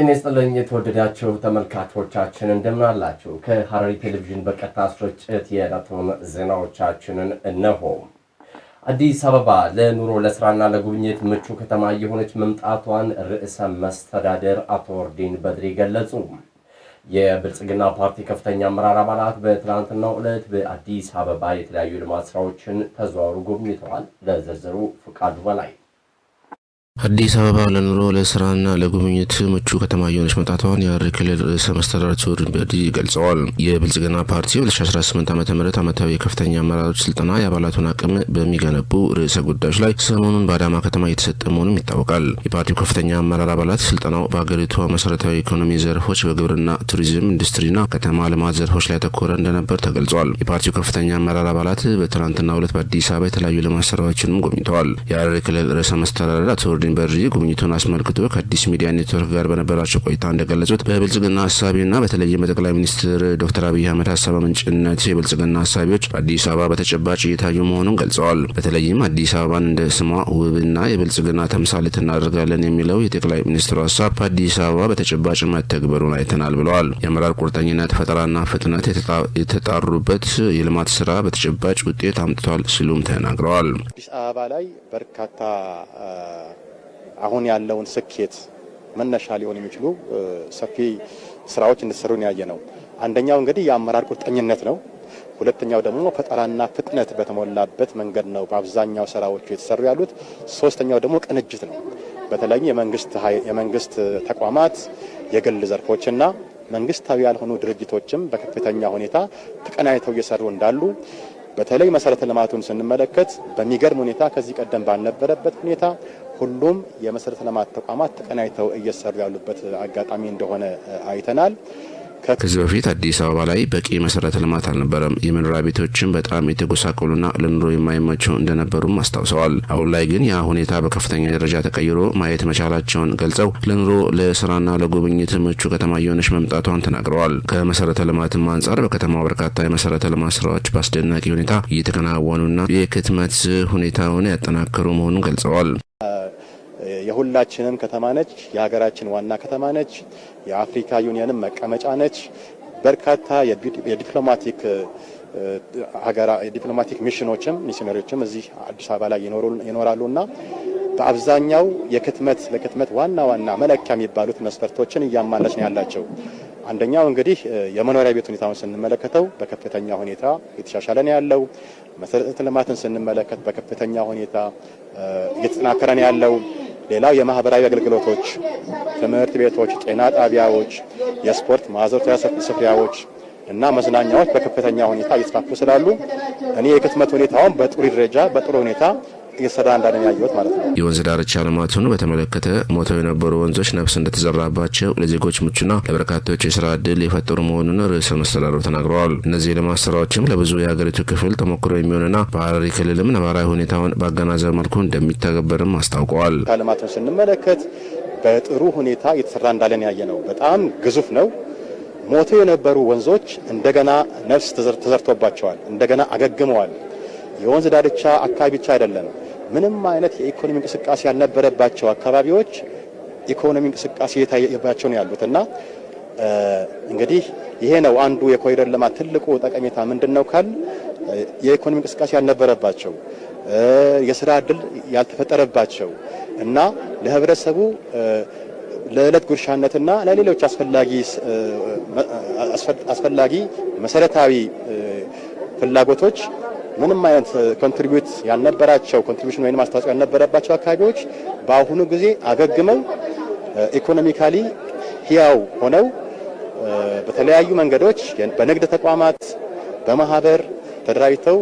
ጤና ይስጥልኝ የተወደዳችሁ ተመልካቾቻችን እንደምን አላችሁ? ከሐረሪ ቴሌቪዥን በቀጥታ ስርጭት የዕለቱን ዜናዎቻችንን እነሆ። አዲስ አበባ ለኑሮ ለስራና ለጉብኝት ምቹ ከተማ የሆነች መምጣቷን ርዕሰ መስተዳደር አቶ ወርዲን በድሪ ገለጹ። የብልጽግና ፓርቲ ከፍተኛ አመራር አባላት በትናንትናው ዕለት በአዲስ አበባ የተለያዩ ልማት ስራዎችን ተዘዋሩ ጎብኝተዋል። ለዝርዝሩ ፍቃዱ በላይ አዲስ አበባ ለኑሮ ለስራና ለጉብኝት ምቹ ከተማ የሆነች መጣቷን የሐረሪ ክልል ርዕሰ መስተዳድር ቴዎድሮስ ቢልዲ ገልጸዋል። የብልጽግና ፓርቲ 2018 ዓ ም ዓመታዊ የከፍተኛ አመራሮች ስልጠና የአባላቱን አቅም በሚገነቡ ርዕሰ ጉዳዮች ላይ ሰሞኑን በአዳማ ከተማ እየተሰጠ መሆኑም ይታወቃል። የፓርቲው ከፍተኛ አመራር አባላት ስልጠናው በአገሪቷ መሰረታዊ ኢኮኖሚ ዘርፎች በግብርና፣ ቱሪዝም፣ ኢንዱስትሪና ከተማ ልማት ዘርፎች ላይ ያተኮረ እንደነበር ተገልጿል። የፓርቲው ከፍተኛ አመራር አባላት በትናንትናው ዕለት በአዲስ አበባ የተለያዩ ልማት ስራዎችንም ጎብኝተዋል። የሐረሪ ክልል ርዕሰ መስተዳድር ዩኒቨርሲቲ ጉብኝቱን አስመልክቶ ከአዲስ ሚዲያ ኔትወርክ ጋር በነበራቸው ቆይታ እንደገለጹት በብልጽግና ሀሳቢና በተለይም በጠቅላይ ሚኒስትር ዶክተር አብይ አህመድ ሀሳብ ምንጭነት የብልጽግና ሀሳቢዎች በአዲስ አበባ በተጨባጭ እየታዩ መሆኑን ገልጸዋል። በተለይም አዲስ አበባን እንደ ስሟ ውብና የብልጽግና ተምሳሌት እናደርጋለን የሚለው የጠቅላይ ሚኒስትሩ ሀሳብ በአዲስ አበባ በተጨባጭ መተግበሩን አይተናል ብለዋል። የአመራር ቁርጠኝነት፣ ፈጠራና ፍጥነት የተጣሩበት የልማት ስራ በተጨባጭ ውጤት አምጥቷል ሲሉም ተናግረዋል። አዲስ አበባ ላይ በርካታ አሁን ያለውን ስኬት መነሻ ሊሆን የሚችሉ ሰፊ ስራዎች እንዲሰሩን ያየ ነው። አንደኛው እንግዲህ የአመራር ቁርጠኝነት ነው። ሁለተኛው ደግሞ ፈጠራና ፍጥነት በተሞላበት መንገድ ነው በአብዛኛው ስራዎቹ የተሰሩ ያሉት። ሶስተኛው ደግሞ ቅንጅት ነው። በተለይ የመንግስት ተቋማት፣ የግል ዘርፎችና መንግስታዊ ያልሆኑ ድርጅቶችም በከፍተኛ ሁኔታ ተቀናይተው እየሰሩ እንዳሉ በተለይ መሰረተ ልማቱን ስንመለከት በሚገርም ሁኔታ ከዚህ ቀደም ባልነበረበት ሁኔታ ሁሉም የመሰረተ ልማት ተቋማት ተቀናይተው እየሰሩ ያሉበት አጋጣሚ እንደሆነ አይተናል። ከዚህ በፊት አዲስ አበባ ላይ በቂ መሰረተ ልማት አልነበረም። የመኖሪያ ቤቶችን በጣም የተጎሳቆሉና ለኑሮ የማይመቹ እንደነበሩም አስታውሰዋል። አሁን ላይ ግን ያ ሁኔታ በከፍተኛ ደረጃ ተቀይሮ ማየት መቻላቸውን ገልጸው ለኑሮ ለስራና ለጉብኝት ምቹ ከተማ የሆነች መምጣቷን ተናግረዋል። ከመሰረተ ልማትም አንጻር በከተማው በርካታ የመሰረተ ልማት ስራዎች በአስደናቂ ሁኔታ እየተከናወኑና የክትመት ሁኔታውን ያጠናከሩ መሆኑን ገልጸዋል። የሁላችንም ከተማ ነች። የሀገራችን ዋና ከተማ ነች። የአፍሪካ ዩኒየንም መቀመጫ ነች። በርካታ የዲፕሎማቲክ ሀገራ የዲፕሎማቲክ ሚሽኖችም ሚሽነሪዎችም እዚህ አዲስ አበባ ላይ እና በአብዛኛው የክትመት ለክትመት ዋና ዋና መለኪያ የሚባሉት መስፈርቶችን እያማለች ነው ያላቸው። አንደኛው እንግዲህ የመኖሪያ ቤት ሁኔታውን ስንመለከተው በከፍተኛ ሁኔታ የተሻሻለ ነው ያለው። መሰረተ ልማትን ስንመለከት በከፍተኛ ሁኔታ እየተጠናከረ ነው ያለው። ሌላው የማህበራዊ አገልግሎቶች፣ ትምህርት ቤቶች፣ ጤና ጣቢያዎች፣ የስፖርት ማዘውተሪያ ስፍራዎች እና መዝናኛዎች በከፍተኛ ሁኔታ እየተስፋፉ ስላሉ እኔ የክትመት ሁኔታውን በጥሩ ደረጃ በጥሩ ሁኔታ እየተሰራ እንዳለ ያየሁት ማለት ነው። የወንዝ ዳርቻ ልማቱን በተመለከተ ሞተው የነበሩ ወንዞች ነፍስ እንደተዘራባቸው ለዜጎች ምቹና ለበርካቶች የስራ እድል የፈጠሩ መሆኑን ርዕሰ መስተዳድሩ ተናግረዋል። እነዚህ የልማት ስራዎችም ለብዙ የሀገሪቱ ክፍል ተሞክሮ የሚሆንና በሀረሪ ክልልም ነባራዊ ሁኔታውን በአገናዘብ መልኩ እንደሚተገበርም አስታውቀዋል። ልማቱን ስንመለከት በጥሩ ሁኔታ እየተሰራ እንዳለን ያየ ነው። በጣም ግዙፍ ነው። ሞቶ የነበሩ ወንዞች እንደገና ነፍስ ተዘርቶባቸዋል፣ እንደገና አገግመዋል። የወንዝ ዳርቻ አካባቢ ብቻ አይደለም። ምንም አይነት የኢኮኖሚ እንቅስቃሴ ያልነበረባቸው አካባቢዎች ኢኮኖሚ እንቅስቃሴ የታየባቸው ነው ያሉት እና እንግዲህ ይሄ ነው አንዱ የኮሪደር ልማት ትልቁ ጠቀሜታ ምንድን ነው ካል የኢኮኖሚ እንቅስቃሴ ያልነበረባቸው የስራ እድል ያልተፈጠረባቸው እና ለህብረተሰቡ ለዕለት ጉርሻነትና ለሌሎች አስፈላጊ መሰረታዊ ፍላጎቶች ምንም አይነት ኮንትሪቢዩት uh, ያልነበራቸው ኮንትሪቢዩሽን ወይም አስተዋጽኦ ያልነበረባቸው አካባቢዎች በአሁኑ ጊዜ አገግመው ኢኮኖሚካሊ uh, ህያው ሆነው uh, በተለያዩ መንገዶች በንግድ ተቋማት፣ በማህበር ተደራጅተው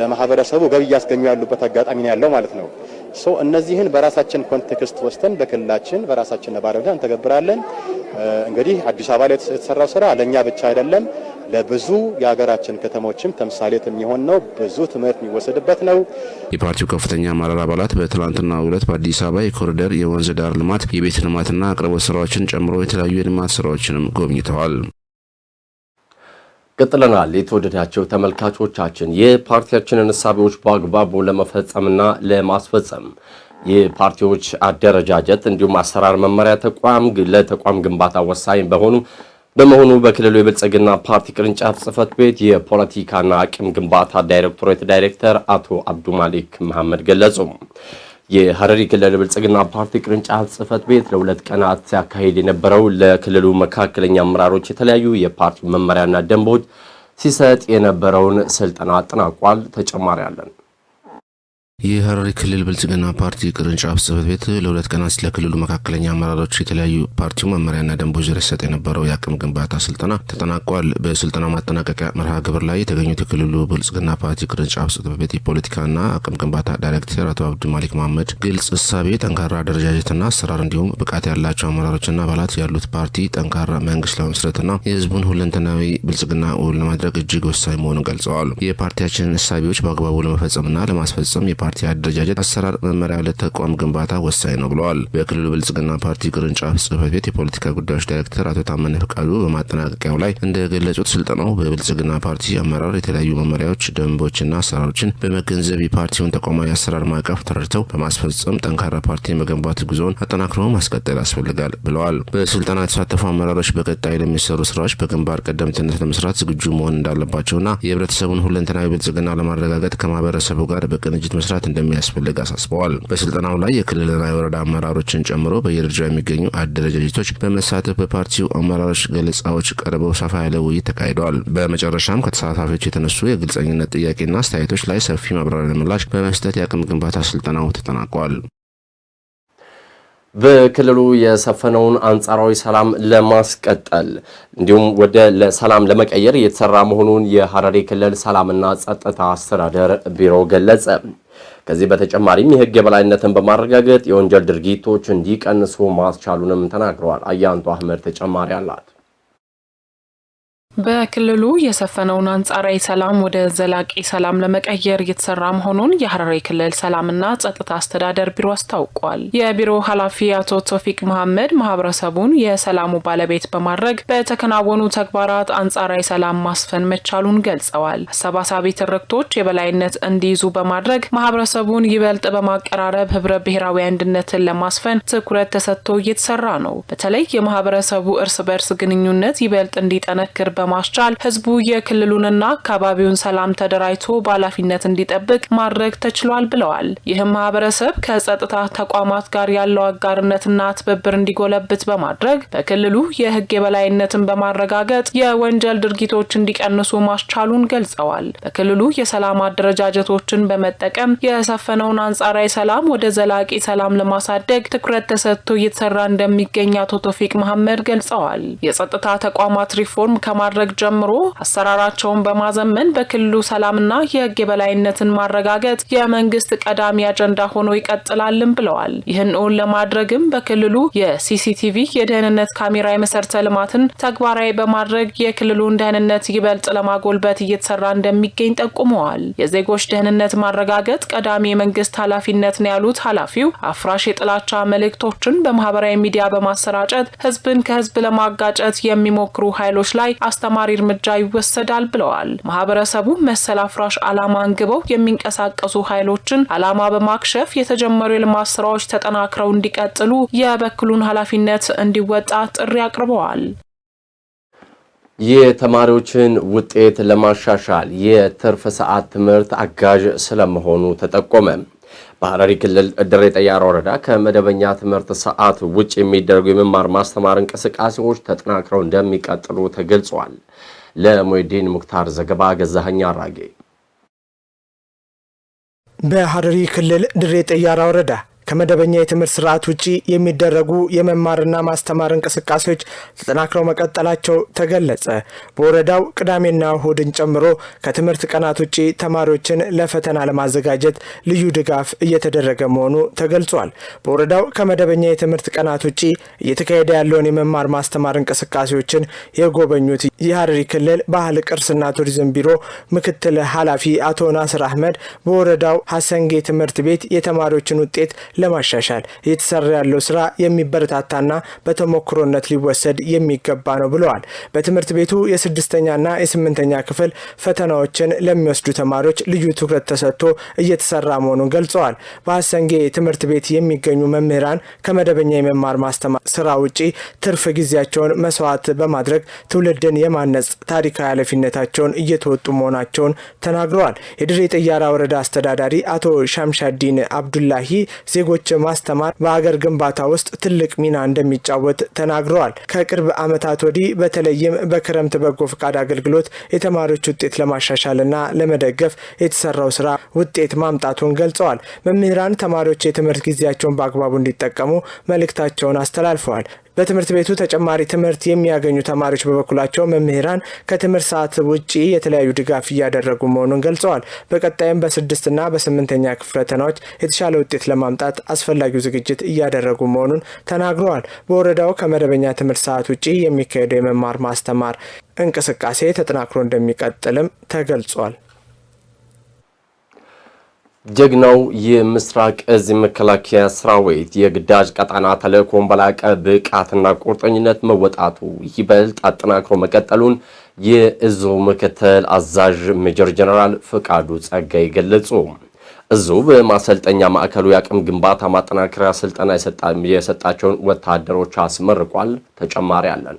ለማህበረሰቡ ገቢ እያስገኙ ያሉበት አጋጣሚ ነው ያለው ማለት ነው። ሶ እነዚህን በራሳችን ኮንቴክስት ወስደን በክልላችን በራሳችን ነባር እንተገብራለን። እንግዲህ አዲስ አበባ ላይ የተሰራው ስራ ለእኛ ብቻ አይደለም። ለብዙ የሀገራችን ከተሞችም ተምሳሌት የሚሆን ነው። ብዙ ትምህርት የሚወሰድበት ነው። የፓርቲው ከፍተኛ አመራር አባላት በትላንትናው ዕለት በአዲስ አበባ የኮሪደር የወንዝ ዳር ልማት፣ የቤት ልማትና አቅርቦት ስራዎችን ጨምሮ የተለያዩ የልማት ስራዎችንም ጎብኝተዋል። ቀጥለናል። የተወደዳቸው ተመልካቾቻችን የፓርቲያችንን እሳቤዎች በአግባቡ ለመፈጸምና ለማስፈጸም የፓርቲዎች አደረጃጀት እንዲሁም አሰራር መመሪያ ተቋም ለተቋም ግንባታ ወሳኝ በሆኑ በመሆኑ በክልሉ የብልጽግና ፓርቲ ቅርንጫፍ ጽህፈት ቤት የፖለቲካና አቅም ግንባታ ዳይሬክቶሬት ዳይሬክተር አቶ አብዱ ማሊክ መሐመድ ገለጹ። የሐረሪ ክልል ብልጽግና ፓርቲ ቅርንጫፍ ጽህፈት ቤት ለሁለት ቀናት ሲያካሄድ የነበረው ለክልሉ መካከለኛ አመራሮች የተለያዩ የፓርቲ መመሪያና ደንቦች ሲሰጥ የነበረውን ስልጠና አጠናቋል። ተጨማሪ አለን። የሐረሪ ክልል ብልጽግና ፓርቲ ቅርንጫፍ ጽህፈት ቤት ለሁለት ቀናት ለክልሉ መካከለኛ አመራሮች የተለያዩ ፓርቲው መመሪያና ደንቦች ዙሪያ ሲሰጥ የነበረው የአቅም ግንባታ ስልጠና ተጠናቋል። በስልጠናው ማጠናቀቂያ መርሃ ግብር ላይ የተገኙት የክልሉ ብልጽግና ፓርቲ ቅርንጫፍ ጽህፈት ቤት የፖለቲካና አቅም ግንባታ ዳይሬክተር አቶ አብዱ ማሊክ መሐመድ ግልጽ እሳቤ፣ ጠንካራ አደረጃጀትና አሰራር እንዲሁም ብቃት ያላቸው አመራሮችና አባላት ያሉት ፓርቲ ጠንካራ መንግስት ለመመስረትና የህዝቡን ሁለንተናዊ ብልጽግና እውን ለማድረግ እጅግ ወሳኝ መሆኑን ገልጸዋል። የፓርቲያችንን እሳቤዎች በአግባቡ ለመፈጸምና ለማስፈጸም ፓርቲ አደረጃጀት አሰራር መመሪያ ለተቋም ግንባታ ወሳኝ ነው ብለዋል። በክልሉ ብልጽግና ፓርቲ ቅርንጫፍ ጽህፈት ቤት የፖለቲካ ጉዳዮች ዳይሬክተር አቶ ታመነ ፍቃዱ በማጠናቀቂያው ላይ እንደገለጹት ስልጠናው በብልጽግና ፓርቲ አመራር የተለያዩ መመሪያዎች፣ ደንቦችና አሰራሮችን በመገንዘብ የፓርቲውን ተቋማዊ አሰራር ማዕቀፍ ተረድተው በማስፈጸም ጠንካራ ፓርቲ መገንባት ጉዞውን አጠናክሮ ማስቀጠል ያስፈልጋል ብለዋል። በስልጠና የተሳተፉ አመራሮች በቀጣይ ለሚሰሩ ስራዎች በግንባር ቀደምትነት ለመስራት ዝግጁ መሆን እንዳለባቸውና የህብረተሰቡን ሁለንተናዊ ብልጽግና ለማረጋገጥ ከማህበረሰቡ ጋር በቅንጅት መስራት መስራት እንደሚያስፈልግ አሳስበዋል። በስልጠናው ላይ የክልልና የወረዳ አመራሮችን ጨምሮ በየደረጃ የሚገኙ አደረጃጀቶች በመሳተፍ በፓርቲው አመራሮች ገለጻዎች ቀርበው ሰፋ ያለ ውይይት ተካሂደዋል። በመጨረሻም ከተሳታፊዎች የተነሱ የግልጸኝነት ጥያቄና አስተያየቶች ላይ ሰፊ ማብራሪያ ምላሽ በመስጠት የአቅም ግንባታ ስልጠናው ተጠናቋል። በክልሉ የሰፈነውን አንጻራዊ ሰላም ለማስቀጠል እንዲሁም ወደ ለሰላም ለመቀየር የተሰራ መሆኑን የሐረሪ ክልል ሰላምና ጸጥታ አስተዳደር ቢሮ ገለጸ። ከዚህ በተጨማሪም የህግ የበላይነትን በማረጋገጥ የወንጀል ድርጊቶች እንዲቀንሱ ማስቻሉንም ተናግረዋል። አያንቱ አህመድ ተጨማሪ አላት። በክልሉ የሰፈነውን አንጻራዊ ሰላም ወደ ዘላቂ ሰላም ለመቀየር እየተሰራ መሆኑን የሐረሪ ክልል ሰላምና ጸጥታ አስተዳደር ቢሮ አስታውቋል። የቢሮ ኃላፊ አቶ ቶፊቅ መሐመድ ማህበረሰቡን የሰላሙ ባለቤት በማድረግ በተከናወኑ ተግባራት አንጻራዊ ሰላም ማስፈን መቻሉን ገልጸዋል። አሰባሳቢ ትርክቶች የበላይነት እንዲይዙ በማድረግ ማህበረሰቡን ይበልጥ በማቀራረብ ህብረ ብሔራዊ አንድነትን ለማስፈን ትኩረት ተሰጥቶ እየተሰራ ነው። በተለይ የማህበረሰቡ እርስ በርስ ግንኙነት ይበልጥ እንዲጠነክር በ በማስቻል ህዝቡ የክልሉንና አካባቢውን ሰላም ተደራጅቶ በኃላፊነት እንዲጠብቅ ማድረግ ተችሏል ብለዋል። ይህም ማህበረሰብ ከጸጥታ ተቋማት ጋር ያለው አጋርነትና ትብብር እንዲጎለብት በማድረግ በክልሉ የህግ የበላይነትን በማረጋገጥ የወንጀል ድርጊቶች እንዲቀንሱ ማስቻሉን ገልጸዋል። በክልሉ የሰላም አደረጃጀቶችን በመጠቀም የሰፈነውን አንጻራዊ ሰላም ወደ ዘላቂ ሰላም ለማሳደግ ትኩረት ተሰጥቶ እየተሰራ እንደሚገኝ አቶ ቶፊቅ መሐመድ ገልጸዋል። የጸጥታ ተቋማት ሪፎርም ከማ ከማድረግ ጀምሮ አሰራራቸውን በማዘመን በክልሉ ሰላምና የህግ የበላይነትን ማረጋገጥ የመንግስት ቀዳሚ አጀንዳ ሆኖ ይቀጥላልን ብለዋል። ይህን እውን ለማድረግም በክልሉ የሲሲቲቪ የደህንነት ካሜራ የመሰረተ ልማትን ተግባራዊ በማድረግ የክልሉን ደህንነት ይበልጥ ለማጎልበት እየተሰራ እንደሚገኝ ጠቁመዋል። የዜጎች ደህንነት ማረጋገጥ ቀዳሚ የመንግስት ኃላፊነት ነው ያሉት ኃላፊው አፍራሽ የጥላቻ መልእክቶችን በማህበራዊ ሚዲያ በማሰራጨት ህዝብን ከህዝብ ለማጋጨት የሚሞክሩ ኃይሎች ላይ አስ አስተማሪ እርምጃ ይወሰዳል ብለዋል። ማህበረሰቡ መሰል አፍራሽ ዓላማ አንግበው የሚንቀሳቀሱ ኃይሎችን ዓላማ በማክሸፍ የተጀመሩ የልማት ስራዎች ተጠናክረው እንዲቀጥሉ የበኩሉን ኃላፊነት እንዲወጣ ጥሪ አቅርበዋል። የተማሪዎችን ውጤት ለማሻሻል የትርፍ ሰዓት ትምህርት አጋዥ ስለመሆኑ ተጠቆመ። በሐረሪ ክልል ድሬ ጠያራ ወረዳ ከመደበኛ ትምህርት ሰዓት ውጭ የሚደረጉ የመማር ማስተማር እንቅስቃሴዎች ተጠናክረው እንደሚቀጥሉ ተገልጿል። ለሙይዲን ሙክታር ዘገባ ገዛኸኝ አራጌ። በሐረሪ ክልል ድሬ ጠያራ ወረዳ ከመደበኛ የትምህርት ስርዓት ውጪ የሚደረጉ የመማርና ማስተማር እንቅስቃሴዎች ተጠናክረው መቀጠላቸው ተገለጸ። በወረዳው ቅዳሜና እሁድን ጨምሮ ከትምህርት ቀናት ውጪ ተማሪዎችን ለፈተና ለማዘጋጀት ልዩ ድጋፍ እየተደረገ መሆኑ ተገልጿል። በወረዳው ከመደበኛ የትምህርት ቀናት ውጪ እየተካሄደ ያለውን የመማር ማስተማር እንቅስቃሴዎችን የጎበኙት የሐረሪ ክልል ባህል ቅርስና ቱሪዝም ቢሮ ምክትል ኃላፊ አቶ ናስር አህመድ በወረዳው ሀሰንጌ ትምህርት ቤት የተማሪዎችን ውጤት ለማሻሻል እየተሰራ ያለው ስራ የሚበረታታና በተሞክሮነት ሊወሰድ የሚገባ ነው ብለዋል። በትምህርት ቤቱ የስድስተኛና የስምንተኛ ክፍል ፈተናዎችን ለሚወስዱ ተማሪዎች ልዩ ትኩረት ተሰጥቶ እየተሰራ መሆኑን ገልጸዋል። በሀሰንጌ ትምህርት ቤት የሚገኙ መምህራን ከመደበኛ የመማር ማስተማር ስራ ውጪ ትርፍ ጊዜያቸውን መስዋዕት በማድረግ ትውልድን የማነጽ ታሪካዊ ኃላፊነታቸውን እየተወጡ መሆናቸውን ተናግረዋል። የድሬ ጥያራ ወረዳ አስተዳዳሪ አቶ ሻምሻዲን አብዱላሂ ዜጎ ዜጎች ማስተማር በሀገር ግንባታ ውስጥ ትልቅ ሚና እንደሚጫወት ተናግረዋል። ከቅርብ ዓመታት ወዲህ በተለይም በክረምት በጎ ፈቃድ አገልግሎት የተማሪዎች ውጤት ለማሻሻልና ለመደገፍ የተሰራው ስራ ውጤት ማምጣቱን ገልጸዋል። መምህራን ተማሪዎች የትምህርት ጊዜያቸውን በአግባቡ እንዲጠቀሙ መልእክታቸውን አስተላልፈዋል። በትምህርት ቤቱ ተጨማሪ ትምህርት የሚያገኙ ተማሪዎች በበኩላቸው መምህራን ከትምህርት ሰዓት ውጪ የተለያዩ ድጋፍ እያደረጉ መሆኑን ገልጸዋል። በቀጣይም በስድስትና በስምንተኛ ክፍለተናዎች ፈተናዎች የተሻለ ውጤት ለማምጣት አስፈላጊው ዝግጅት እያደረጉ መሆኑን ተናግረዋል። በወረዳው ከመደበኛ ትምህርት ሰዓት ውጪ የሚካሄደው የመማር ማስተማር እንቅስቃሴ ተጠናክሮ እንደሚቀጥልም ተገልጿል። ጀግናው የምስራቅ እዝ መከላከያ ሰራዊት የግዳጅ ቀጣና ተልዕኮን በላቀ ብቃትና ቁርጠኝነት መወጣቱ ይበልጥ አጠናክሮ መቀጠሉን የእዙ ምክትል አዛዥ ሜጀር ጀነራል ፍቃዱ ጸጋይ ገለጹ። እዙ በማሰልጠኛ ማዕከሉ የአቅም ግንባታ ማጠናከሪያ ስልጠና የሰጣቸውን ወታደሮች አስመርቋል። ተጨማሪ አለን።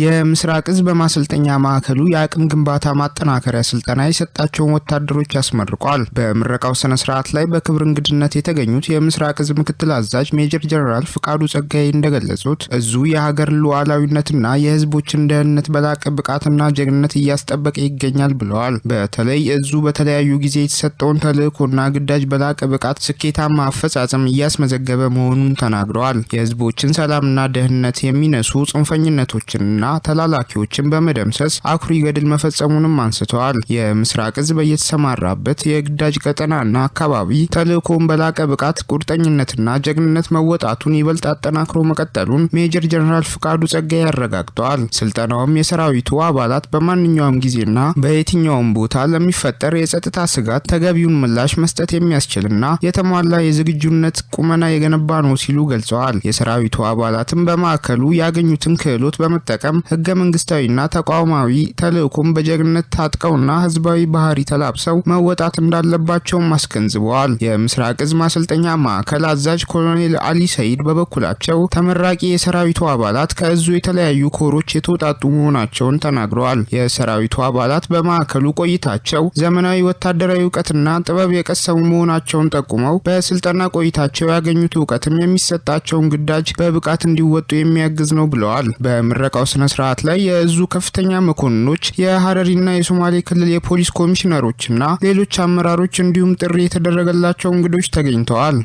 የምስራቅ እዝ በማሰልጠኛ ማዕከሉ የአቅም ግንባታ ማጠናከሪያ ስልጠና የሰጣቸውን ወታደሮች አስመርቋል። በምረቃው ስነ ስርዓት ላይ በክብር እንግድነት የተገኙት የምስራቅ እዝ ምክትል አዛዥ ሜጀር ጀነራል ፍቃዱ ጸጋይ እንደገለጹት እዙ የሀገር ሉዓላዊነትና የህዝቦችን ደህንነት በላቀ ብቃትና ጀግንነት እያስጠበቀ ይገኛል ብለዋል። በተለይ እዙ በተለያዩ ጊዜ የተሰጠውን ተልእኮና ግዳጅ በላቀ ብቃት ስኬታማ አፈጻጸም እያስመዘገበ መሆኑን ተናግረዋል። የህዝቦችን ሰላምና ደህንነት የሚነሱ ጽንፈኝነቶችን ና ተላላኪዎችን በመደምሰስ አኩሪ ገድል መፈጸሙንም አንስተዋል። የምስራቅ እዝ በየተሰማራበት የግዳጅ ቀጠናና አካባቢ ተልእኮውን በላቀ ብቃት ቁርጠኝነትና ጀግንነት መወጣቱን ይበልጥ አጠናክሮ መቀጠሉን ሜጀር ጀነራል ፍቃዱ ጸጋዬ ያረጋግጠዋል። ስልጠናውም የሰራዊቱ አባላት በማንኛውም ጊዜና በየትኛውም ቦታ ለሚፈጠር የጸጥታ ስጋት ተገቢውን ምላሽ መስጠት የሚያስችልና የተሟላ የዝግጁነት ቁመና የገነባ ነው ሲሉ ገልጸዋል። የሰራዊቱ አባላትም በማዕከሉ ያገኙትን ክህሎት በመጠቀም በመጠቀም ህገ መንግስታዊና ተቋማዊ ተልእኮም በጀግንነት ታጥቀውና ህዝባዊ ባህሪ ተላብሰው መወጣት እንዳለባቸውም አስገንዝበዋል። የምስራቅ እዝ ማሰልጠኛ ማዕከል አዛዥ ኮሎኔል አሊ ሰይድ በበኩላቸው ተመራቂ የሰራዊቱ አባላት ከእዙ የተለያዩ ኮሮች የተውጣጡ መሆናቸውን ተናግረዋል። የሰራዊቱ አባላት በማዕከሉ ቆይታቸው ዘመናዊ ወታደራዊ እውቀትና ጥበብ የቀሰሙ መሆናቸውን ጠቁመው በስልጠና ቆይታቸው ያገኙት እውቀትም የሚሰጣቸውን ግዳጅ በብቃት እንዲወጡ የሚያግዝ ነው ብለዋል። በምረቃው ስነ ስነ ስርዓት ላይ የእዙ ከፍተኛ መኮንኖች፣ የሀረሪና የሶማሌ ክልል የፖሊስ ኮሚሽነሮችና ሌሎች አመራሮች እንዲሁም ጥሪ የተደረገላቸው እንግዶች ተገኝተዋል።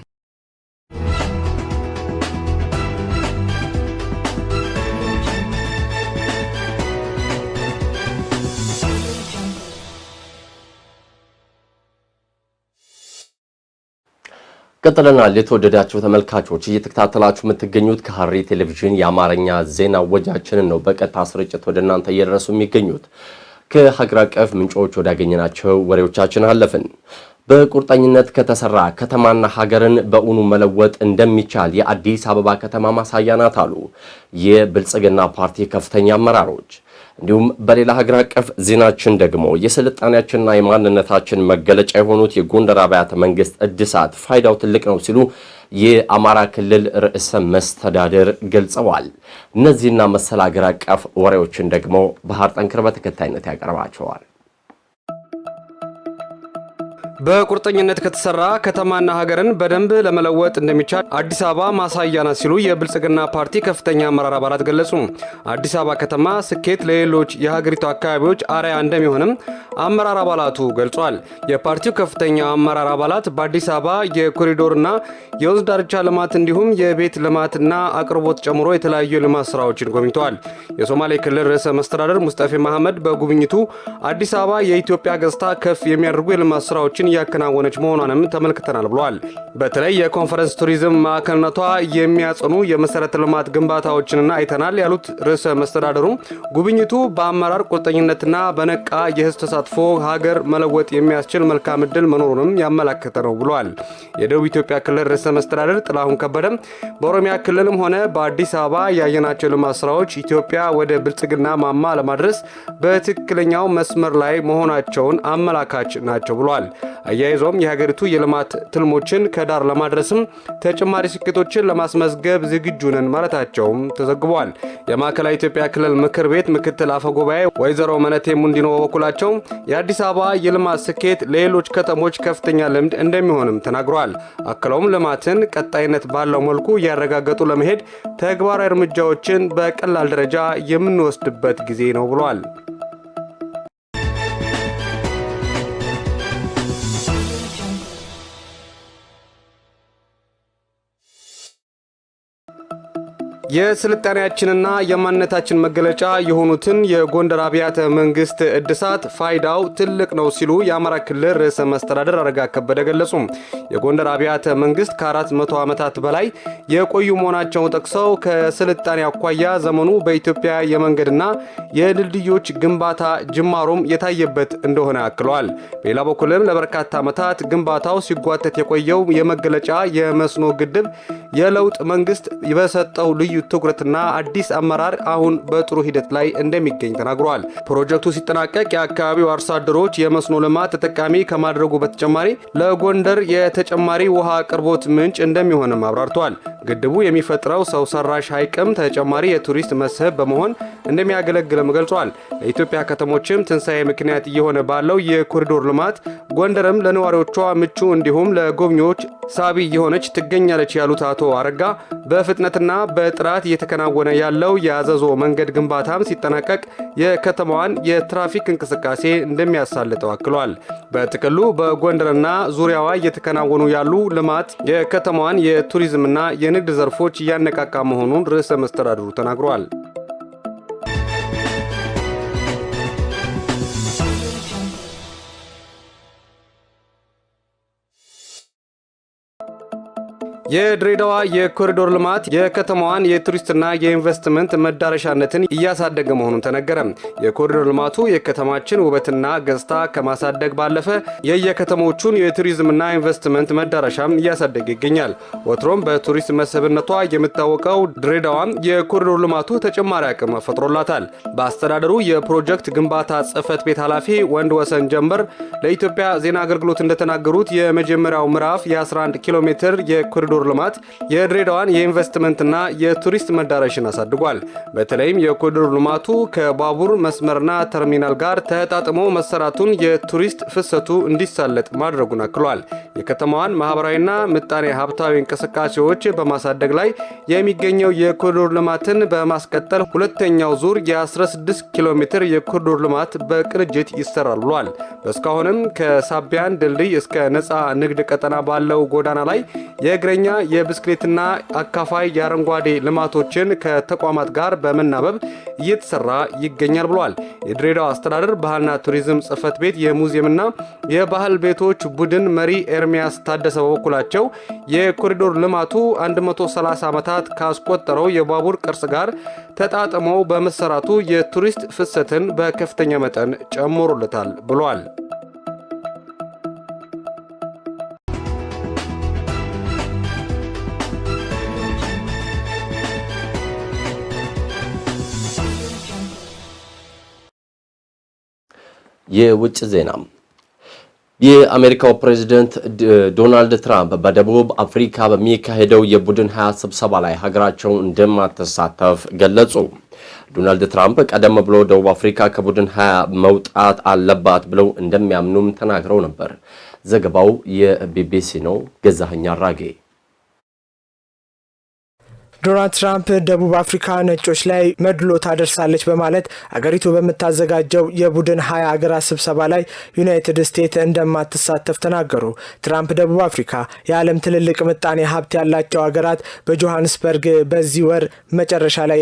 ቀጥለናል። የተወደዳችሁ ተመልካቾች እየተከታተላችሁ የምትገኙት ከሐረሪ ቴሌቪዥን የአማርኛ ዜና ወጃችንን ነው። በቀጥታ ስርጭት ወደ እናንተ እየደረሱ የሚገኙት ከሀገር አቀፍ ምንጮች ወዳገኘናቸው ወሬዎቻችን አለፍን። በቁርጠኝነት ከተሰራ ከተማና ሀገርን በእውኑ መለወጥ እንደሚቻል የአዲስ አበባ ከተማ ማሳያ ናት አሉ የብልጽግና ፓርቲ ከፍተኛ አመራሮች። እንዲሁም በሌላ ሀገር አቀፍ ዜናችን ደግሞ የስልጣኔያችንና የማንነታችን መገለጫ የሆኑት የጎንደር አብያተ መንግስት እድሳት ፋይዳው ትልቅ ነው ሲሉ የአማራ ክልል ርዕሰ መስተዳድር ገልጸዋል። እነዚህና መሰል ሀገር አቀፍ ወሬዎችን ደግሞ ባህር ጠንክር በተከታይነት ያቀርባቸዋል። በቁርጠኝነት ከተሰራ ከተማና ሀገርን በደንብ ለመለወጥ እንደሚቻል አዲስ አበባ ማሳያ ናት ሲሉ የብልጽግና ፓርቲ ከፍተኛ አመራር አባላት ገለጹ። አዲስ አበባ ከተማ ስኬት ለሌሎች የሀገሪቱ አካባቢዎች አርአያ እንደሚሆንም አመራር አባላቱ ገልጿል። የፓርቲው ከፍተኛ አመራር አባላት በአዲስ አበባ የኮሪዶርና የወንዝ ዳርቻ ልማት እንዲሁም የቤት ልማትና አቅርቦት ጨምሮ የተለያዩ የልማት ስራዎችን ጎብኝተዋል። የሶማሌ ክልል ርዕሰ መስተዳደር ሙስጠፌ መሐመድ በጉብኝቱ አዲስ አበባ የኢትዮጵያ ገጽታ ከፍ የሚያደርጉ የልማት ስራዎችን እያከናወነች መሆኗንም ተመልክተናል ብሏል። በተለይ የኮንፈረንስ ቱሪዝም ማዕከልነቷ የሚያጸኑ የመሰረተ ልማት ግንባታዎችንና አይተናል ያሉት ርዕሰ መስተዳደሩ ጉብኝቱ በአመራር ቁርጠኝነትና በነቃ የህዝብ ተሳትፎ ሀገር መለወጥ የሚያስችል መልካም ዕድል መኖሩንም ያመላከተ ነው ብሏል። የደቡብ ኢትዮጵያ ክልል ርዕሰ መስተዳደር ጥላሁን ከበደም በኦሮሚያ ክልልም ሆነ በአዲስ አበባ ያየናቸው ልማት ስራዎች ኢትዮጵያ ወደ ብልጽግና ማማ ለማድረስ በትክክለኛው መስመር ላይ መሆናቸውን አመላካች ናቸው ብሏል። አያይዞም የሀገሪቱ የልማት ትልሞችን ከዳር ለማድረስም ተጨማሪ ስኬቶችን ለማስመዝገብ ዝግጁ ነን ማለታቸውም ተዘግቧል። የማዕከላዊ ኢትዮጵያ ክልል ምክር ቤት ምክትል አፈ ጉባኤ ወይዘሮ መነቴ ሙንዲኖ በበኩላቸው የአዲስ አበባ የልማት ስኬት ለሌሎች ከተሞች ከፍተኛ ልምድ እንደሚሆንም ተናግሯል። አክለውም ልማትን ቀጣይነት ባለው መልኩ እያረጋገጡ ለመሄድ ተግባራዊ እርምጃዎችን በቀላል ደረጃ የምንወስድበት ጊዜ ነው ብሏል። የስልጣኔያችንና የማንነታችን መገለጫ የሆኑትን የጎንደር አብያተ መንግስት እድሳት ፋይዳው ትልቅ ነው ሲሉ የአማራ ክልል ርዕሰ መስተዳደር አረጋ ከበደ ገለጹ። የጎንደር አብያተ መንግስት ከአራት መቶ ዓመታት በላይ የቆዩ መሆናቸውን ጠቅሰው ከስልጣኔ አኳያ ዘመኑ በኢትዮጵያ የመንገድና የድልድዮች ግንባታ ጅማሮም የታየበት እንደሆነ አክለዋል። በሌላ በኩልም ለበርካታ ዓመታት ግንባታው ሲጓተት የቆየው የመገለጫ የመስኖ ግድብ የለውጥ መንግስት በሰጠው ልዩ በተለያዩ ትኩረትና አዲስ አመራር አሁን በጥሩ ሂደት ላይ እንደሚገኝ ተናግሯል። ፕሮጀክቱ ሲጠናቀቅ የአካባቢው አርሶ አደሮች የመስኖ ልማት ተጠቃሚ ከማድረጉ በተጨማሪ ለጎንደር የተጨማሪ ውሃ አቅርቦት ምንጭ እንደሚሆንም አብራርተዋል። ግድቡ የሚፈጥረው ሰው ሰራሽ ሐይቅም ተጨማሪ የቱሪስት መስህብ በመሆን እንደሚያገለግልም ገልጿል። ለኢትዮጵያ ከተሞችም ትንሣኤ ምክንያት እየሆነ ባለው የኮሪዶር ልማት ጎንደርም ለነዋሪዎቿ ምቹ እንዲሁም ለጎብኚዎች ሳቢ እየሆነች ትገኛለች ያሉት አቶ አረጋ በፍጥነትና በጥራት እየተከናወነ ያለው የአዘዞ መንገድ ግንባታም ሲጠናቀቅ የከተማዋን የትራፊክ እንቅስቃሴ እንደሚያሳልጠው አክሏል። በጥቅሉ በጎንደርና ዙሪያዋ እየተከናወኑ ያሉ ልማት የከተማዋን የቱሪዝምና የንግድ ዘርፎች እያነቃቃ መሆኑን ርዕሰ መስተዳድሩ ተናግሯል። የድሬዳዋ የኮሪዶር ልማት የከተማዋን የቱሪስትና የኢንቨስትመንት መዳረሻነትን እያሳደገ መሆኑን ተነገረ። የኮሪዶር ልማቱ የከተማችን ውበትና ገጽታ ከማሳደግ ባለፈ የየከተሞቹን የቱሪዝምና ኢንቨስትመንት መዳረሻም እያሳደገ ይገኛል። ወትሮም በቱሪስት መስህብነቷ የምታወቀው ድሬዳዋም የኮሪዶር ልማቱ ተጨማሪ አቅም ፈጥሮላታል። በአስተዳደሩ የፕሮጀክት ግንባታ ጽህፈት ቤት ኃላፊ ወንድ ወሰን ጀንበር ለኢትዮጵያ ዜና አገልግሎት እንደተናገሩት የመጀመሪያው ምዕራፍ የ11 ኪሎ ሜትር የኮሪዶር የኮሪዶር ልማት የድሬዳዋን የኢንቨስትመንትና የቱሪስት መዳረሽን አሳድጓል። በተለይም የኮሪዶር ልማቱ ከባቡር መስመርና ተርሚናል ጋር ተጣጥሞ መሰራቱን የቱሪስት ፍሰቱ እንዲሳለጥ ማድረጉን አክሏል። የከተማዋን ማህበራዊና ምጣኔ ሀብታዊ እንቅስቃሴዎች በማሳደግ ላይ የሚገኘው የኮሪዶር ልማትን በማስቀጠል ሁለተኛው ዙር የ16 ኪሎ ሜትር የኮሪዶር ልማት በቅንጅት ይሰራል ብሏል። በእስካሁንም ከሳቢያን ድልድይ እስከ ነፃ ንግድ ቀጠና ባለው ጎዳና ላይ የእግረኛ የብስክሌትና አካፋይ የአረንጓዴ ልማቶችን ከተቋማት ጋር በመናበብ እየተሰራ ይገኛል ብሏል። የድሬዳዋ አስተዳደር ባህልና ቱሪዝም ጽህፈት ቤት የሙዚየምና የባህል ቤቶች ቡድን መሪ ኤርሚያስ ታደሰ በበኩላቸው የኮሪዶር ልማቱ 130 ዓመታት ካስቆጠረው የባቡር ቅርጽ ጋር ተጣጥመው በመሰራቱ የቱሪስት ፍሰትን በከፍተኛ መጠን ጨምሮለታል ብሏል። የውጭ ዜና የአሜሪካው ፕሬዚደንት ዶናልድ ትራምፕ በደቡብ አፍሪካ በሚካሄደው የቡድን ሀያ ስብሰባ ላይ ሀገራቸው እንደማትሳተፍ ገለጹ። ዶናልድ ትራምፕ ቀደም ብሎ ደቡብ አፍሪካ ከቡድን ሀያ መውጣት አለባት ብለው እንደሚያምኑም ተናግረው ነበር። ዘገባው የቢቢሲ ነው። ገዛኸኝ አራጌ ዶናልድ ትራምፕ ደቡብ አፍሪካ ነጮች ላይ መድሎ ታደርሳለች በማለት አገሪቱ በምታዘጋጀው የቡድን ሀያ አገራት ስብሰባ ላይ ዩናይትድ ስቴትስ እንደማትሳተፍ ተናገሩ። ትራምፕ ደቡብ አፍሪካ የዓለም ትልልቅ ምጣኔ ሀብት ያላቸው አገራት በጆሃንስበርግ በዚህ ወር መጨረሻ ላይ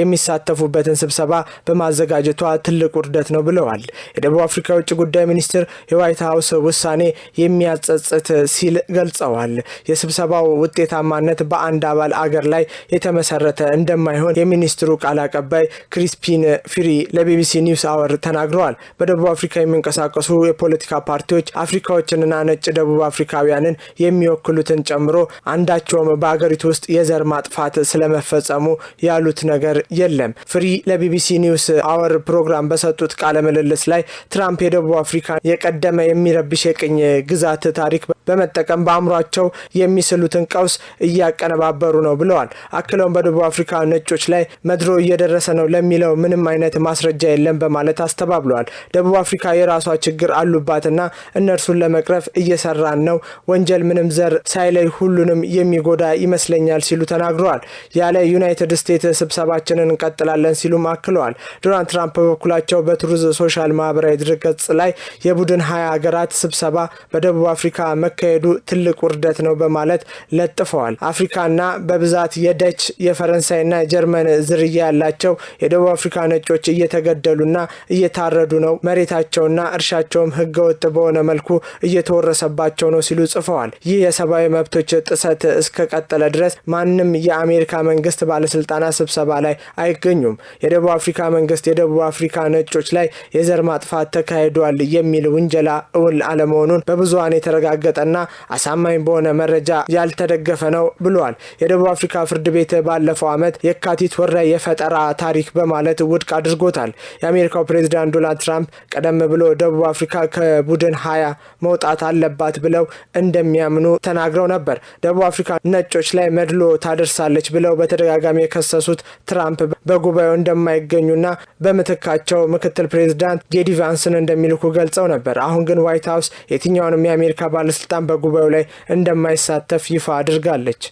የሚሳተፉበትን ስብሰባ በማዘጋጀቷ ትልቅ ውርደት ነው ብለዋል። የደቡብ አፍሪካ የውጭ ጉዳይ ሚኒስትር የዋይት ሀውስ ውሳኔ የሚያጸጽት ሲል ገልጸዋል። የስብሰባው ውጤታማነት በአንድ አባል አገር ላይ የተመሰረተ እንደማይሆን የሚኒስትሩ ቃል አቀባይ ክሪስፒን ፍሪ ለቢቢሲ ኒውስ አወር ተናግረዋል። በደቡብ አፍሪካ የሚንቀሳቀሱ የፖለቲካ ፓርቲዎች አፍሪካዎችንና ነጭ ደቡብ አፍሪካውያንን የሚወክሉትን ጨምሮ አንዳቸውም በአገሪቱ ውስጥ የዘር ማጥፋት ስለመፈጸሙ ያሉት ነገር የለም። ፍሪ ለቢቢሲ ኒውስ አወር ፕሮግራም በሰጡት ቃለ ምልልስ ላይ ትራምፕ የደቡብ አፍሪካ የቀደመ የሚረብሽ የቅኝ ግዛት ታሪክ በመጠቀም በአእምሯቸው የሚስሉትን ቀውስ እያቀነባበሩ ነው ብለዋል። ብለዋል። አክለውም በደቡብ አፍሪካ ነጮች ላይ መድሮ እየደረሰ ነው ለሚለው ምንም አይነት ማስረጃ የለም በማለት አስተባብለዋል። ደቡብ አፍሪካ የራሷ ችግር አሉባትና እነርሱን ለመቅረፍ እየሰራን ነው። ወንጀል ምንም ዘር ሳይለይ ሁሉንም የሚጎዳ ይመስለኛል ሲሉ ተናግረዋል። ያለ ዩናይትድ ስቴትስ ስብሰባችንን እንቀጥላለን ሲሉም አክለዋል። ዶናልድ ትራምፕ በበኩላቸው በትሩዝ ሶሻል ማህበራዊ ድረገጽ ላይ የቡድን ሀያ ሀገራት ስብሰባ በደቡብ አፍሪካ መካሄዱ ትልቅ ውርደት ነው በማለት ለጥፈዋል። አፍሪካና በብዛት ጥቃት የደች የፈረንሳይና የጀርመን ዝርያ ያላቸው የደቡብ አፍሪካ ነጮች እየተገደሉና እየታረዱ ነው፣ መሬታቸውና እርሻቸውም ህገወጥ በሆነ መልኩ እየተወረሰባቸው ነው ሲሉ ጽፈዋል። ይህ የሰብአዊ መብቶች ጥሰት እስከቀጠለ ድረስ ማንም የአሜሪካ መንግስት ባለስልጣናት ስብሰባ ላይ አይገኙም። የደቡብ አፍሪካ መንግስት የደቡብ አፍሪካ ነጮች ላይ የዘር ማጥፋት ተካሂዷል የሚል ውንጀላ እውል አለመሆኑን በብዙሀን የተረጋገጠና አሳማኝ በሆነ መረጃ ያልተደገፈ ነው ብለዋል። የደቡብ አፍሪካ የፖለቲካ ፍርድ ቤት ባለፈው ዓመት የካቲት ወር ላይ የፈጠራ ታሪክ በማለት ውድቅ አድርጎታል። የአሜሪካው ፕሬዚዳንት ዶናልድ ትራምፕ ቀደም ብሎ ደቡብ አፍሪካ ከቡድን ሀያ መውጣት አለባት ብለው እንደሚያምኑ ተናግረው ነበር። ደቡብ አፍሪካ ነጮች ላይ መድሎ ታደርሳለች ብለው በተደጋጋሚ የከሰሱት ትራምፕ በጉባኤው እንደማይገኙና በምትካቸው ምክትል ፕሬዚዳንት ጄዲ ቫንስን እንደሚልኩ ገልጸው ነበር። አሁን ግን ዋይት ሀውስ የትኛውንም የአሜሪካ ባለስልጣን በጉባኤው ላይ እንደማይሳተፍ ይፋ አድርጋለች።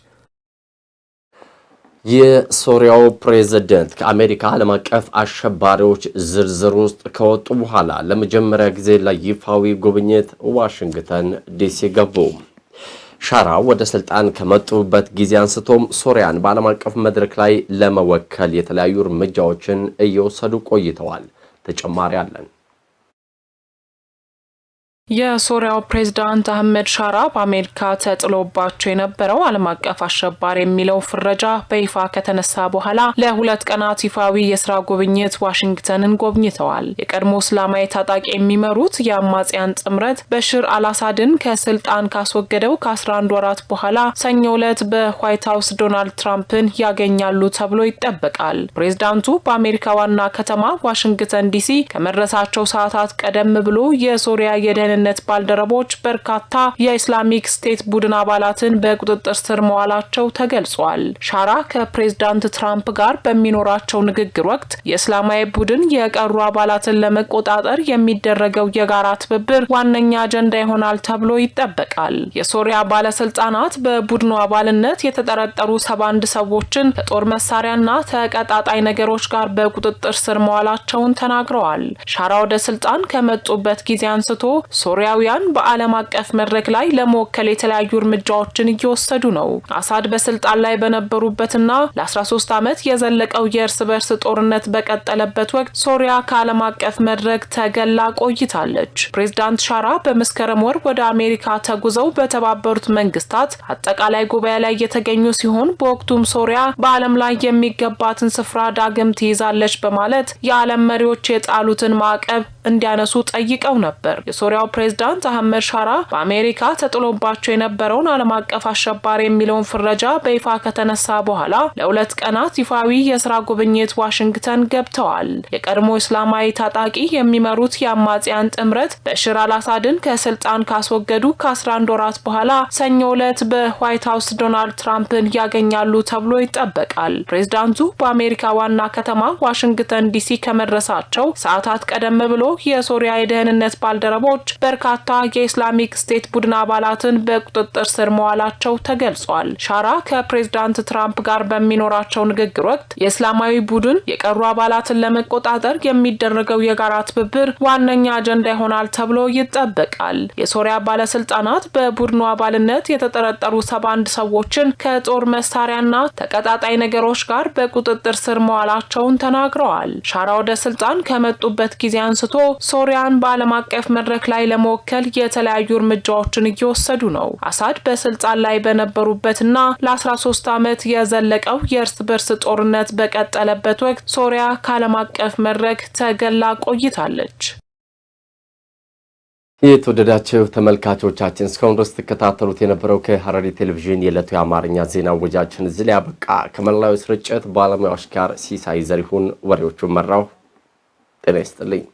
የሶሪያው ፕሬዝደንት ከአሜሪካ ዓለም አቀፍ አሸባሪዎች ዝርዝር ውስጥ ከወጡ በኋላ ለመጀመሪያ ጊዜ ለይፋዊ ጉብኝት ዋሽንግተን ዲሲ ገቡ። ሻራ ወደ ስልጣን ከመጡበት ጊዜ አንስቶም ሶሪያን በዓለም አቀፍ መድረክ ላይ ለመወከል የተለያዩ እርምጃዎችን እየወሰዱ ቆይተዋል። ተጨማሪ አለን። የሶሪያው ፕሬዝዳንት አህመድ ሻራ በአሜሪካ ተጥሎባቸው የነበረው ዓለም አቀፍ አሸባሪ የሚለው ፍረጃ በይፋ ከተነሳ በኋላ ለሁለት ቀናት ይፋዊ የስራ ጉብኝት ዋሽንግተንን ጎብኝተዋል። የቀድሞ እስላማዊ ታጣቂ የሚመሩት የአማጽያን ጥምረት በሽር አልአሳድን ከስልጣን ካስወገደው ከ11 ወራት በኋላ ሰኞ ዕለት በዋይት ሀውስ ዶናልድ ትራምፕን ያገኛሉ ተብሎ ይጠበቃል። ፕሬዚዳንቱ በአሜሪካ ዋና ከተማ ዋሽንግተን ዲሲ ከመድረሳቸው ሰዓታት ቀደም ብሎ የሶሪያ የደህን የደህንነት ባልደረቦች በርካታ የኢስላሚክ ስቴት ቡድን አባላትን በቁጥጥር ስር መዋላቸው ተገልጿል። ሻራ ከፕሬዝዳንት ትራምፕ ጋር በሚኖራቸው ንግግር ወቅት የእስላማዊ ቡድን የቀሩ አባላትን ለመቆጣጠር የሚደረገው የጋራ ትብብር ዋነኛ አጀንዳ ይሆናል ተብሎ ይጠበቃል። የሶሪያ ባለስልጣናት በቡድኑ አባልነት የተጠረጠሩ ሰባ አንድ ሰዎችን ከጦር መሳሪያና ተቀጣጣይ ነገሮች ጋር በቁጥጥር ስር መዋላቸውን ተናግረዋል። ሻራ ወደ ስልጣን ከመጡበት ጊዜ አንስቶ ሶሪያውያን በዓለም አቀፍ መድረክ ላይ ለመወከል የተለያዩ እርምጃዎችን እየወሰዱ ነው። አሳድ በስልጣን ላይ በነበሩበትና ለ13 ዓመት የዘለቀው የእርስ በርስ ጦርነት በቀጠለበት ወቅት ሶሪያ ከዓለም አቀፍ መድረክ ተገላ ቆይታለች። ፕሬዚዳንት ሻራ በመስከረም ወር ወደ አሜሪካ ተጉዘው በተባበሩት መንግስታት አጠቃላይ ጉባኤ ላይ የተገኙ ሲሆን በወቅቱም ሶሪያ በዓለም ላይ የሚገባትን ስፍራ ዳግም ትይዛለች በማለት የዓለም መሪዎች የጣሉትን ማዕቀብ እንዲያነሱ ጠይቀው ነበር። የሶሪያው ፕሬዝዳንት አህመድ ሻራ በአሜሪካ ተጥሎባቸው የነበረውን ዓለም አቀፍ አሸባሪ የሚለውን ፍረጃ በይፋ ከተነሳ በኋላ ለሁለት ቀናት ይፋዊ የስራ ጉብኝት ዋሽንግተን ገብተዋል። የቀድሞ እስላማዊ ታጣቂ የሚመሩት የአማጽያን ጥምረት በሽር አልአሳድን ከስልጣን ካስወገዱ ከ11 ወራት በኋላ ሰኞ ዕለት በዋይት ሀውስ ዶናልድ ትራምፕን ያገኛሉ ተብሎ ይጠበቃል። ፕሬዝዳንቱ በአሜሪካ ዋና ከተማ ዋሽንግተን ዲሲ ከመድረሳቸው ሰዓታት ቀደም ብሎ የሶሪያ የደህንነት ባልደረቦች በርካታ የኢስላሚክ ስቴት ቡድን አባላትን በቁጥጥር ስር መዋላቸው ተገልጿል። ሻራ ከፕሬዝዳንት ትራምፕ ጋር በሚኖራቸው ንግግር ወቅት የእስላማዊ ቡድን የቀሩ አባላትን ለመቆጣጠር የሚደረገው የጋራ ትብብር ዋነኛ አጀንዳ ይሆናል ተብሎ ይጠበቃል። የሶሪያ ባለስልጣናት በቡድኑ አባልነት የተጠረጠሩ ሰባ አንድ ሰዎችን ከጦር መሳሪያና ተቀጣጣይ ነገሮች ጋር በቁጥጥር ስር መዋላቸውን ተናግረዋል። ሻራ ወደ ስልጣን ከመጡበት ጊዜ አንስቶ ሶሪያን በዓለም አቀፍ መድረክ ላይ ለመወከል የተለያዩ እርምጃዎችን እየወሰዱ ነው። አሳድ በስልጣን ላይ በነበሩበትና ለ13 ዓመት የዘለቀው የእርስ በርስ ጦርነት በቀጠለበት ወቅት ሶሪያ ከዓለም አቀፍ መድረክ ተገላ ቆይታለች። የተወደዳቸው ተመልካቾቻችን እስካሁን ድረስ ትከታተሉት የነበረው ከሐረሪ ቴሌቪዥን የዕለቱ የአማርኛ ዜና ወጃችን እዚህ ላይ ያበቃ። ከመላዊ ስርጭት ባለሙያዎች ጋር ሲሳይ ዘሪሁን ወሬዎቹን መራው። ጤና ይስጥልኝ።